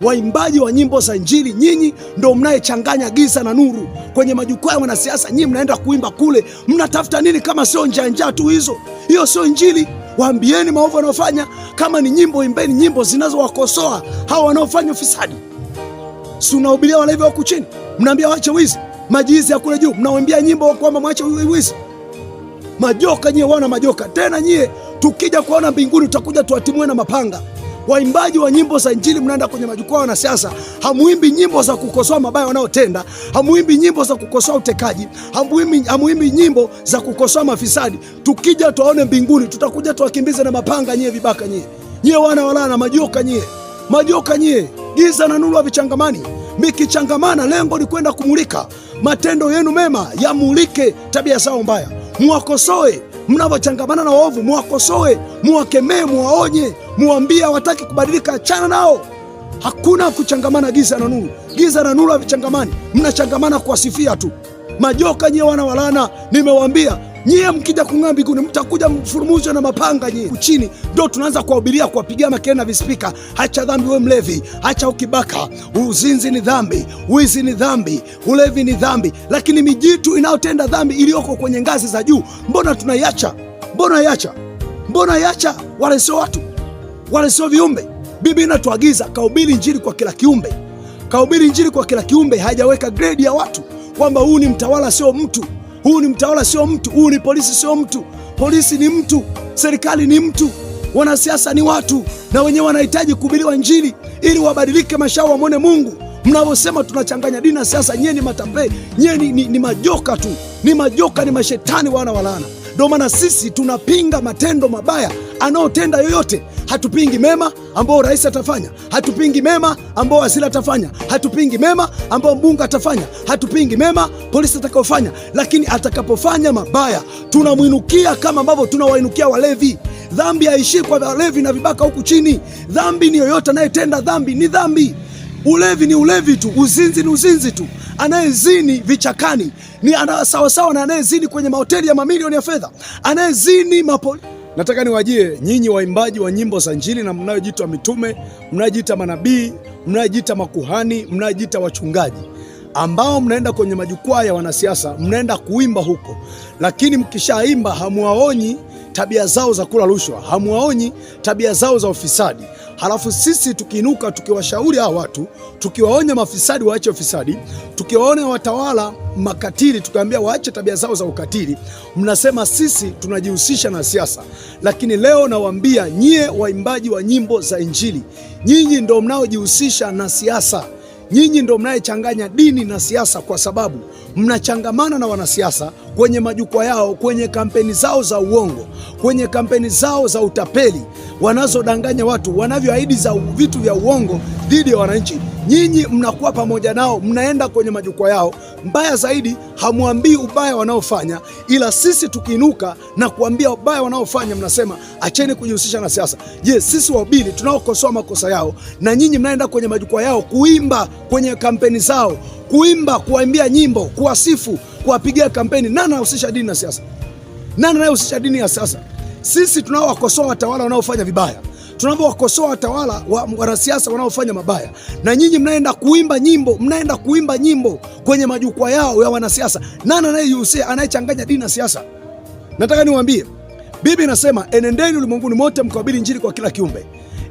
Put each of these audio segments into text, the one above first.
Waimbaji wa nyimbo za Injili, nyinyi ndo mnayechanganya giza na nuru kwenye majukwaa ya wanasiasa. Nyinyi mnaenda kuimba kule, mnatafuta nini kama sio njaa njaa tu hizo? Hiyo sio Injili. Waambieni maovu wanaofanya. Kama ni nyimbo, imbeni nyimbo zinazowakosoa hawa wanaofanya ufisadi. Si unahubiria walevi wako chini, mnaambia wache wizi, majizi ya kule juu, mnawambia nyimbo kwamba mwache wizi. Majoka nyie, wana majoka tena nyie. Tukija kuona mbinguni, tutakuja tuwatimue na mapanga. Waimbaji wa nyimbo za Injili mnaenda kwenye majukwaa na wanasiasa, hamuimbi nyimbo za kukosoa mabaya wanaotenda, hamuimbi nyimbo za kukosoa utekaji, hamuimbi, hamuimbi nyimbo za kukosoa mafisadi. Tukija tuwaone mbinguni, tutakuja tuwakimbize na mapanga nyie, vibaka nyie, nyie wana walaa na majoka nyie, majoka nyie, giza na nuru havichangamani. Mikichangamana lengo ni kwenda kumulika matendo yenu mema, yamulike tabia zao mbaya, mwakosoe mnavyochangamana na waovu muwakosoe, muwakemee, muwaonye, muwambie hawataki kubadilika, achana nao. Hakuna kuchangamana giza na nuru, giza na nuru havichangamani, mnachangamana kuwasifia tu. Majoka nyewe wana walana, nimewambia Nyie mkija kung'ambi kuni mtakuja mfurumushwe na mapanga nyie chini, ndo tunaanza kuwahubiria kuwapigia makelele na vispika. Hacha dhambi we mlevi, hacha ukibaka, uzinzi ni dhambi, wizi ni dhambi, ulevi ni dhambi. Lakini mijitu inayotenda dhambi iliyoko kwenye ngazi za juu, mbona tunaiacha? Mbona iacha? Mbona iacha? Wale sio watu, wale sio viumbe. Biblia inatuagiza kaubiri Injili kwa kila kiumbe, kaubiri Injili kwa kila kiumbe. Hajaweka gredi ya watu kwamba huu ni mtawala, sio mtu huu ni mtawala, sio mtu. huu ni polisi, sio mtu. Polisi ni mtu, serikali ni mtu, wanasiasa ni watu, na wenyewe wanahitaji kuhubiriwa Injili ili wabadilike mashao wamwone Mungu. Mnavyosema tunachanganya dini na siasa, nyie ni matapeli, nyie ni, ni, ni majoka tu, ni majoka, ni mashetani, wana walana. Ndio maana sisi tunapinga matendo mabaya anaotenda yoyote. Hatupingi mema ambao rais atafanya, hatupingi mema ambao waziri atafanya, hatupingi mema ambao mbunge atafanya, hatupingi mema polisi atakayofanya, lakini atakapofanya mabaya tunamwinukia kama ambavyo tunawainukia walevi. Dhambi haishii kwa walevi na vibaka huku chini. Dhambi ni yoyote anayetenda dhambi ni dhambi. Ulevi ni ulevi tu, uzinzi ni uzinzi tu. Anayezini vichakani ni sawasawa na anayezini kwenye mahoteli ya mamilioni ya fedha, anayezini mapoli. Nataka niwajie nyinyi waimbaji wa nyimbo za Injili na mnayojitwa mitume, mnayojita manabii, mnayojita makuhani, mnayojita wachungaji ambao mnaenda kwenye majukwaa ya wanasiasa, mnaenda kuimba huko, lakini mkishaimba hamwaonyi tabia zao za kula rushwa, hamuwaonyi tabia zao za ufisadi, Halafu sisi tukiinuka tukiwashauri hawa watu, tukiwaonya mafisadi waache ufisadi, tukiwaonya watawala makatili tukiwaambia waache tabia zao za ukatili, mnasema sisi tunajihusisha na siasa. Lakini leo nawaambia nyie waimbaji wa nyimbo za Injili, nyinyi ndio mnaojihusisha na siasa. Nyinyi ndo mnayechanganya dini na siasa, kwa sababu mnachangamana na wanasiasa kwenye majukwaa yao, kwenye kampeni zao za uongo, kwenye kampeni zao za utapeli wanazodanganya watu, wanavyoahidi za vitu vya uongo dhidi ya wananchi nyinyi mnakuwa pamoja nao, mnaenda kwenye majukwaa yao. Mbaya zaidi, hamwambii ubaya wanaofanya, ila sisi tukiinuka na kuambia ubaya wanaofanya, mnasema acheni kujihusisha na siasa. Je, sisi wahubiri tunaokosoa makosa yao na nyinyi mnaenda kwenye majukwaa yao kuimba kwenye kampeni zao, kuimba, kuwaimbia nyimbo, kuwasifu, kuwapigia kampeni? Nani anahusisha dini na siasa? Nani anayehusisha dini ya siasa? Sisi tunaowakosoa watawala wanaofanya vibaya tunapowakosoa watawala wa wanasiasa wanaofanya mabaya, na nyinyi mnaenda kuimba nyimbo, mnaenda kuimba nyimbo kwenye majukwaa yao ya wanasiasa. Nani anayejihusisha, anayechanganya dini na siasa? Nataka niwambie bibi inasema enendeni ulimwenguni mote mkahubiri injili kwa kila kiumbe.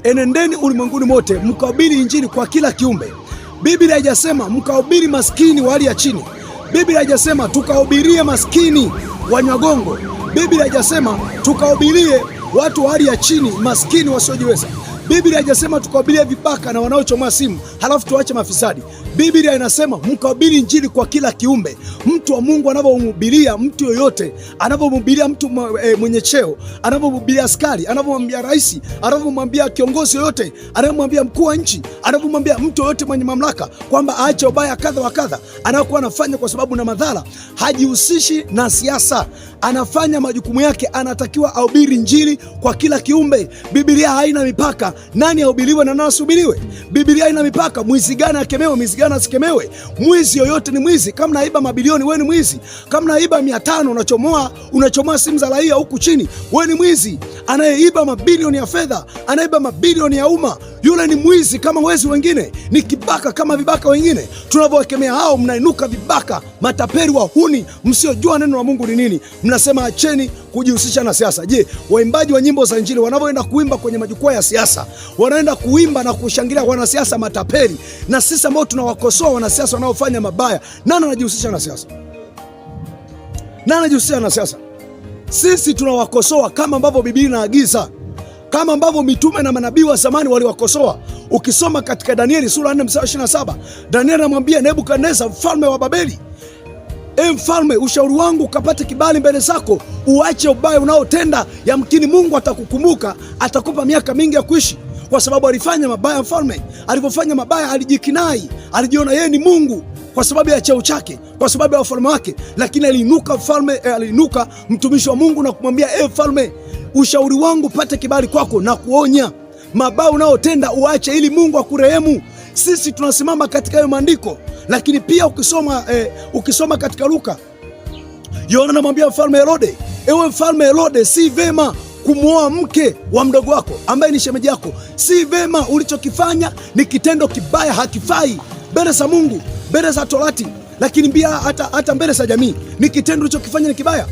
Enendeni ulimwenguni mote mkahubiri injili kwa kila kiumbe. Biblia haijasema mkahubiri maskini wa hali ya chini. Biblia haijasema tukahubirie maskini wanywagongo. Biblia haijasema tukahubirie watu wa hali ya chini, maskini, wasiojiweza. Biblia haijasema tukabilie vipaka na wanaochomoa simu halafu tuache mafisadi. Biblia inasema mkabili Injili kwa kila kiumbe. Mtu wa Mungu anavyomhubiria mtu yoyote, anavyomhubiria mtu e, mwenye cheo, anavyomhubiria askari, anavyomwambia rais, anavyomwambia kiongozi yoyote, anavyomwambia mkuu wa nchi, anavyomwambia mtu yoyote mwenye mamlaka kwamba aache ubaya kadha wa kadha anayokuwa anafanya kwa sababu na madhara, hajihusishi na siasa, anafanya majukumu yake, anatakiwa ahubiri Injili kwa kila kiumbe. Biblia haina mipaka nani ahubiriwe na nani asubiriwe? Biblia ina mipaka, mwizi gani akemewe, mwizi gani asikemewe? Mwizi yoyote ni mwizi. Kama naiba mabilioni, wewe ni mwizi. Kama naiba mia tano unachomoa, unachomoa simu za raia huku chini, wewe ni mwizi. Anayeiba mabilioni ya fedha, anayeiba mabilioni ya umma, yule ni mwizi kama wezi wengine, ni kibaka kama vibaka wengine. Tunavyowakemea hao, mnainuka vibaka, matapeli, wahuni, msiojua neno la Mungu ni nini. Mnasema acheni kujihusisha na siasa. Je, waimbaji wa nyimbo za Injili wanavyoenda kuimba kwenye majukwaa ya siasa, wanaenda kuimba na kushangilia wanasiasa matapeli na sisi ambao tunawakosoa wanasiasa wanaofanya mabaya? Nani anajihusisha na siasa? Nani anajihusisha na siasa? Sisi tunawakosoa kama ambavyo Biblia inaagiza, kama ambavyo mitume na manabii wa zamani waliwakosoa. Ukisoma katika Danieli sura 4 mstari 27, Danieli anamwambia Nebukadneza mfalme wa Babeli E mfalme, ushauri wangu ukapate kibali mbele zako, uache ubaya unaotenda. Yamkini Mungu atakukumbuka, atakupa miaka mingi ya kuishi, kwa sababu alifanya mabaya. Mfalme alivyofanya mabaya, alijikinai, alijiona yeye ni Mungu kwa sababu ya cheo chake, kwa sababu ya ufalme wake. Lakini aliinuka mfalme, e, aliinuka mtumishi wa Mungu na kumwambia e mfalme, ushauri wangu pate kibali kwako na kuonya mabaya unaotenda uache, ili Mungu akurehemu. Sisi tunasimama katika hayo maandiko lakini pia ukisoma, eh, ukisoma katika Luka, Yohana anamwambia mfalme Herode, ewe mfalme Herode, si vema kumwoa mke wa mdogo wako ambaye ni shemeji yako. Si vema, ulichokifanya ni kitendo kibaya, hakifai mbele za Mungu, mbele za Torati, lakini pia hata, hata mbele za jamii. Ni kitendo ulichokifanya ni kibaya.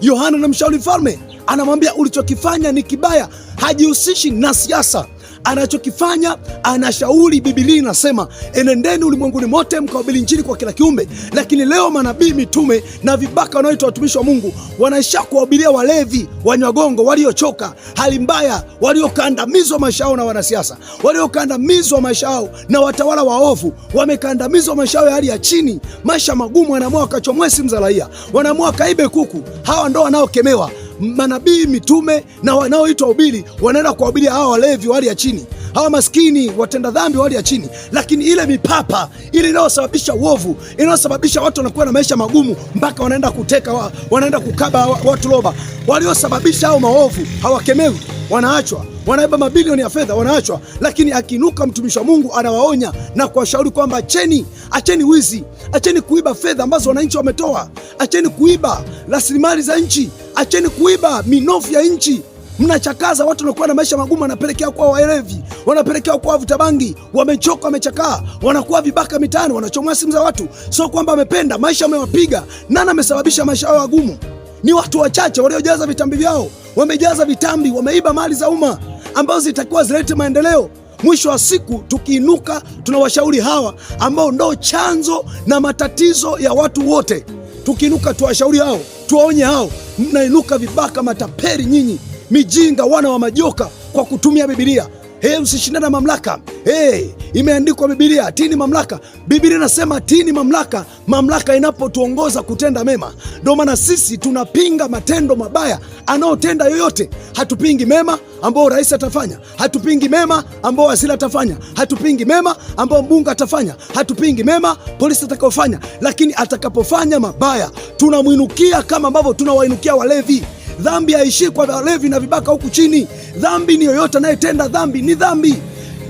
Yohana anamshauri mfalme, anamwambia ulichokifanya ni kibaya. Hajihusishi na siasa anachokifanya anashauri. Bibilia inasema enendeni ulimwenguni mote mkawabili njini kwa kila kiumbe, lakini leo manabii, mitume na vibaka wanaoitwa watumishi wa Mungu wanaisha kuwaubilia walevi, wanywagongo, waliochoka, hali mbaya, waliokandamizwa maisha yao na wanasiasa, waliokandamizwa maisha yao na watawala waovu, wamekandamizwa maisha yao ya hali ya chini, maisha magumu, wanaamua wakachomwe simu za raia, wanaamua wakaibe kuku. Hawa ndo wanaokemewa manabii, mitume na wanaoitwa ubili wanaenda kuwahubiria hawa walevi wa ya chini, hawa maskini watenda dhambi wa ya chini. Lakini ile mipapa ile inayosababisha uovu, inayosababisha watu wanakuwa na maisha magumu, mpaka wanaenda kuteka wanaenda kukaba watu roba, waliosababisha hao maovu hawakemewi, wanaachwa wanaiba mabilioni ya fedha wanaachwa, lakini akinuka mtumishi wa Mungu anawaonya na kuwashauri kwamba acheni, acheni wizi, acheni kuiba fedha ambazo wananchi wametoa, acheni kuiba rasilimali za nchi, acheni kuiba minofu ya nchi. Mnachakaza watu wanakuwa na maisha magumu, wanapelekea kuwa waelevi, wanapelekea kuwa wavuta bangi, wamechoka, wamechakaa, wanakuwa vibaka mitaani, wanachomoa simu za watu. Sio kwamba amependa maisha, amewapiga nani, amesababisha maisha yao magumu. Ni watu wachache waliojaza vitambi vyao, wamejaza vitambi, wameiba mali za umma ambazo zitakiwa zilete maendeleo. Mwisho wa siku tukiinuka, tunawashauri hawa ambao ndo chanzo na matatizo ya watu wote. Tukiinuka tuwashauri hao, tuwaonye hao, mnainuka vibaka, mataperi nyinyi mijinga, wana wa majoka, kwa kutumia Bibilia. Hey, usishindane na mamlaka. Hey, imeandikwa Biblia, tini mamlaka. Biblia inasema tini mamlaka, mamlaka inapotuongoza kutenda mema. Ndio maana sisi tunapinga matendo mabaya anaotenda yoyote. Hatupingi mema ambao rais atafanya, hatupingi mema ambao waziri atafanya, hatupingi mema ambao mbunge atafanya, hatupingi mema polisi atakayofanya, lakini atakapofanya mabaya tunamwinukia kama ambavyo tunawainukia walevi. Dhambi haishii kwa walevi na vibaka huku chini. Dhambi ni yoyote anayetenda dhambi ni dhambi.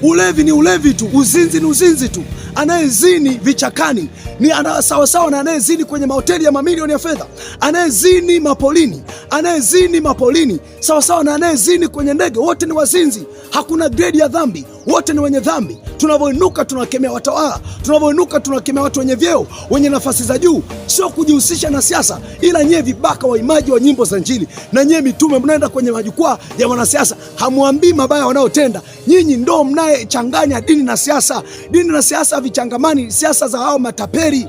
Ulevi ni ulevi tu, uzinzi ni uzinzi tu. Anayezini vichakani ni sawasawa na anayezini kwenye mahoteli ya mamilioni ya fedha. Anayezini mapolini, anayezini mapolini sawasawa na anayezini kwenye ndege. Wote ni wazinzi, hakuna gredi ya dhambi wote ni wenye dhambi. Tunavyoinuka tunawakemea watawala, tunavyoinuka tunawakemea watu wenye vyeo, wenye nafasi za juu. Sio kujihusisha na siasa, ila nyie vibaka waimaji wa nyimbo za Injili na nyie mitume mnaenda kwenye majukwaa ya wanasiasa, hamwambii mabaya wanaotenda. Nyinyi ndo mnayechanganya dini na siasa. Dini na siasa havichangamani, siasa za hao mataperi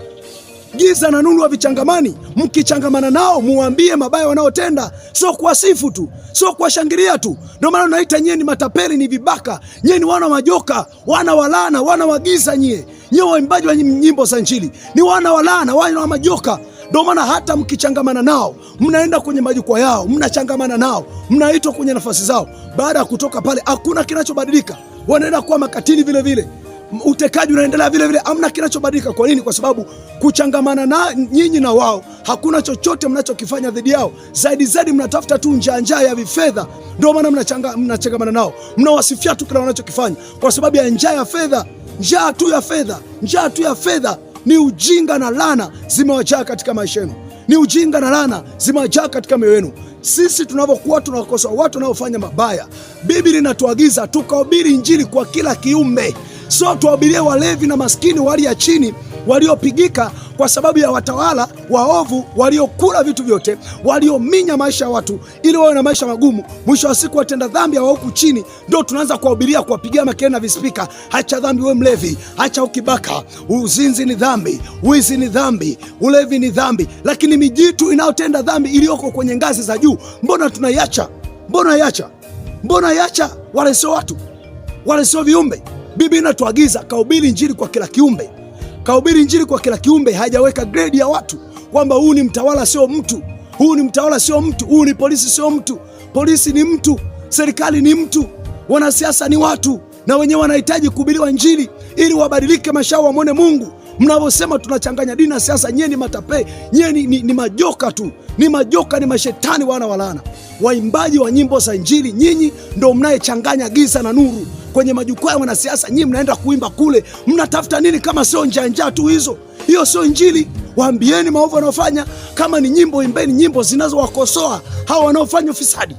giza na nuru havichangamani. Mkichangamana nao muwambie mabaya wanaotenda, sio kuwasifu tu, sio kuwashangilia tu. Ndio maana unaita nyie ni matapeli, ni vibaka, nyie ni wana majoka, wana walana, wana giza. Nyie nyie waimbaji wa nyimbo za Injili ni wana walana, wana majoka. Ndio maana hata mkichangamana nao mnaenda kwenye majukwaa yao, mnachangamana nao, mnaitwa kwenye nafasi zao, baada ya kutoka pale hakuna kinachobadilika, wanaenda kuwa makatili vilevile vile utekaji unaendelea vile vile, amna kinachobadilika. Kwa nini? Kwa sababu kuchangamana na nyinyi na wao hakuna chochote mnachokifanya dhidi yao, zaidi zaidi mnatafuta tu njia njaa ya vifedha. Ndio maana mnachanga, mnachangamana nao, mnawasifia tu kila wanachokifanya kwa sababu ya njaa ya fedha, njaa tu ya fedha, njaa tu ya fedha. Ni ujinga na lana zimewajaa katika maisha yenu, ni ujinga na lana zimewajaa katika mioyo yenu. Sisi tunavyokuwa tunawakosoa watu wanaofanya mabaya, Biblia inatuagiza tukahubiri Injili kwa kila kiumbe. So tuwahubirie walevi na maskini wali ya chini waliopigika kwa sababu ya watawala waovu waliokula vitu vyote, waliominya maisha ya watu ili wawe na maisha magumu. Mwisho wa siku watenda dhambi wa huku chini ndio tunaanza kuwahubiria, kuwapigia makelele na vispika, hacha dhambi we mlevi, hacha ukibaka, uzinzi ni dhambi, wizi ni dhambi, ulevi ni dhambi. Lakini mijitu inayotenda dhambi iliyoko kwenye ngazi za juu, mbona tunaiacha? Mbona iacha? Mbona iacha? Wale sio watu, wale sio viumbe Biblia inatuagiza kaubiri injili kwa kila kiumbe. kaubiri injili kwa kila kiumbe, hajaweka gredi ya watu kwamba huu ni mtawala sio mtu, huu ni mtawala sio mtu, huu ni polisi sio mtu. Polisi ni mtu, serikali ni mtu, wanasiasa ni watu, na wenyewe wanahitaji kuhubiriwa injili ili wabadilike, mashao wamwone Mungu. Mnavyosema tunachanganya dini na siasa, nyie ni matape, nyie ni, ni, ni majoka tu, ni majoka, ni mashetani, wana walana. Waimbaji wa nyimbo za injili, nyinyi ndo mnayechanganya giza na nuru kwenye majukwaa ya wanasiasa, nyinyi mnaenda kuimba kule, mnatafuta nini kama sio njaa njaa tu hizo? Hiyo sio Injili. Waambieni maovu wanaofanya. Kama ni nyimbo, imbeni nyimbo zinazowakosoa hawa wanaofanya ufisadi.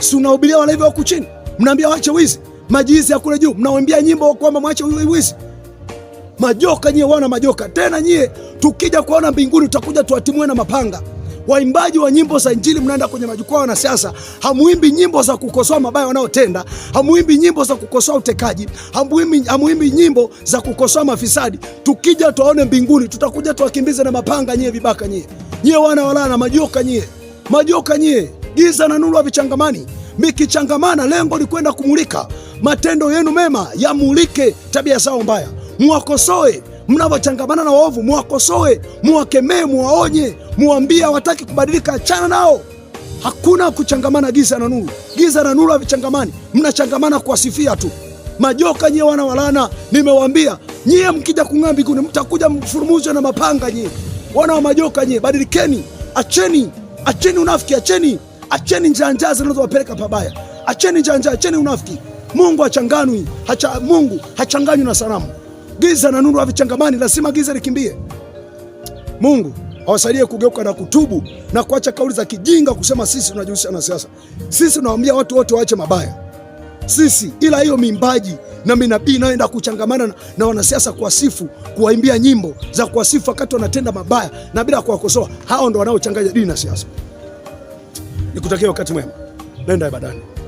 Si unahubiria walevi wako chini, mnaambia wache wizi, majizi ya kule juu mnawambia nyimbo kwamba mwache wizi. Majoka nyie, wana majoka tena nyie. Tukija kuona mbinguni, tutakuja tuwatimue na mapanga. Waimbaji wa nyimbo za Injili mnaenda kwenye majukwaa na siasa, hamuimbi nyimbo za kukosoa mabaya wanaotenda, hamuimbi nyimbo za kukosoa utekaji, hamuimbi, hamuimbi nyimbo za kukosoa mafisadi. Tukija tuwaone mbinguni, tutakuja tuwakimbize na mapanga nyie vibaka nyie, nyie wana walaa na majoka nyie, majoka nyie, giza na nuru havichangamani. Mikichangamana lengo ni kwenda kumulika matendo yenu mema, yamulike tabia zao mbaya, mwakosoe mnavyochangamana na waovu muwakosoe, muwakemee, muwaonye, muwambie hawataki kubadilika, achana nao. Hakuna kuchangamana giza na nuru, giza na nuru havichangamani, mnachangamana kuwasifia tu. Majoka nyie wana walana, nimewambia nyie, mkija kung'aa mbinguni mtakuja mfurumuzwe na mapanga. Nyie wana wa majoka nyie, badilikeni, acheni, acheni unafiki, acheni, acheni njanjaa zinazowapeleka pabaya, acheni njanjaa, acheni unafiki. Mungu hachanganwi hacha, Mungu hachanganywi na sanamu. Giza na nuru havichangamani, lazima giza likimbie. Mungu awasaidie kugeuka na kutubu na kuacha kauli za kijinga kusema sisi tunajihusisha na siasa. Sisi tunawaambia watu wote waache mabaya sisi, ila hiyo mimbaji na minabii inayoenda kuchangamana na, na wanasiasa kuwasifu, kuwaimbia nyimbo za kuwasifu wakati wanatenda mabaya na bila kuwakosoa, hao ndo wanaochanganya dini na siasa. Nikutakia wakati mwema, nenda ibadani.